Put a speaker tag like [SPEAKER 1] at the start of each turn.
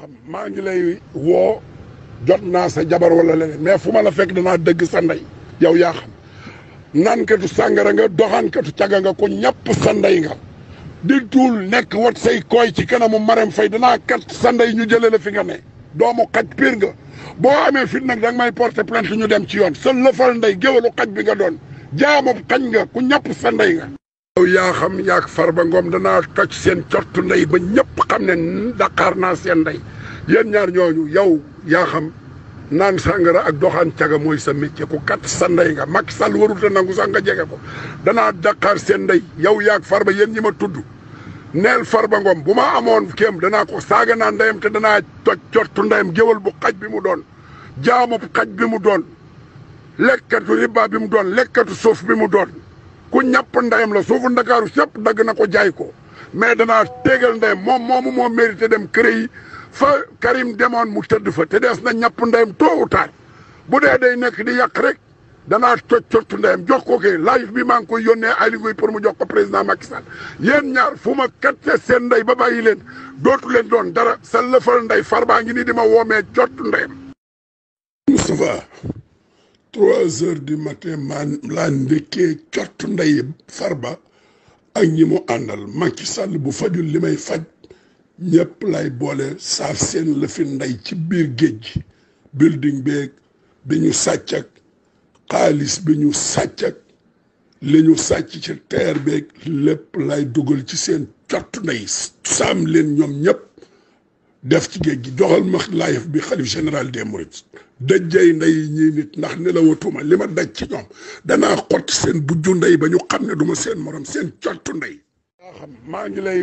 [SPEAKER 1] xam maa ngi lay woo jot naa sa jabar wala le mais fu ma la fekk danaa dëgg sa ndey yow yaa xam naankatu sàngara nga doxaankatu caga nga ko ñàpp sa ndey nga di tuul nekk wat say koy ci kanamu Marème Faye danaa kat sa ndey ñu jëlee la fi nga ne doomu xaj piir nga boo amee fit nag danga may porter plainte ñu dem ci yoon sa lëfal ndey géwalu xaj bi nga doon jaamu kañ nga ku ñàpp sa ndey nga yow yaa xam yaak Farba Ngom danaa toj seen cortu ndey ba ñëpp xam ne Dakar naa seen ndey yéen ñaar ñooñu yow yaa xam naan sàngara ak doxaan caga mooy sa métier ku kat sa ndey nga Macky Sall warut a nangu sax nga jege ko danaa Dakar seen ndey yow yaak far ba yéen ñi ma tudd neel ba ngoom bu ma amoon kéem danaa ko saaga naa ndeyam te danaa toj cottu ndeyam géwal bu xaj bi mu doon jaamu xaj bi mu doon lekkatu riba bi mu doon lekkatu suuf bi mu doon ku ñàpp ndayam la suufu ndakaaru sépp dagg na ko jaay ko mais danaa tegal ndayam moom moomu moo mérité dem kër yi fa Karim demoon mu tëdd fa te dees na ñàpp ndayam too ou bu dee day nekk di yàq rek danaa cocc cocc ndayam jox ko kii live bi maa ngi koy yónnee Aliou Ngouye pour mu jox ko président Macky Sall yéen ñaar fu ma katte seen nday ba bàyyi leen dootu leen doon dara sa lëfal nday baa ngi nii di ma woomee cocc ndayam trois di du matin maan laa ndekkee cott ndey Farba ak ñi mu àndal Macky Sall bu fajul li may faj ñëpp lay boole saaf seen lëfi ndey ci biir géej gi building beeg bi ñu sàcc ak xaalis bi ñu sàcc ak li ñu sàcc ci teer beeg lépp lay dugal ci seen cott ndey saam leen ñoom ñëpp def ci géej gi joxal ma laayef bi xalif général des mourides dajjay nday ñii nit ndax ne la watuma li ma daj ci ñoom danaa xotti seen bujju ndey ba ñu xam ne du ma seen morom seen cottu ndey. maa xam maa ngi lay